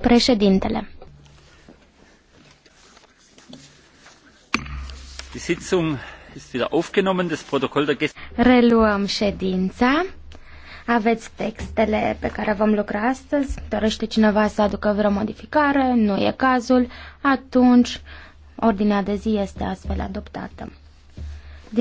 Președintele. Die Sitzung ist wieder aufgenommen. Das Protokoll der Reluăm ședința. Aveți textele pe care vom lucra astăzi. Dorește cineva să aducă vreo modificare? Nu e cazul. Atunci, ordinea de zi este astfel adoptată.